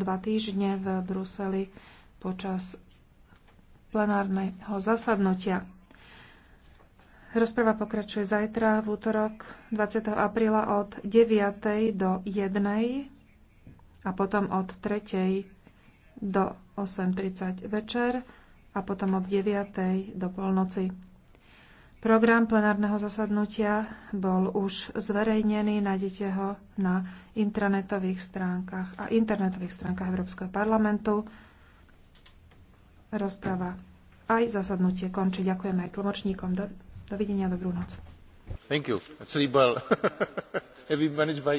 dva týždne v Bruseli počas plenárneho zasadnutia. Rozprava pokračuje zajtra v útorok 20. apríla od 9. do 1. a potom od 3. do 8.30 večer a potom od 9. do polnoci. Program plenárneho zasadnutia bol už zverejnený, nájdete ho na internetových stránkach a internetových stránkach Európskeho parlamentu. Rozprava aj zasadnutie končí. Ďakujem aj tlmočníkom. Do, dovidenia, dobrú noc. Thank you.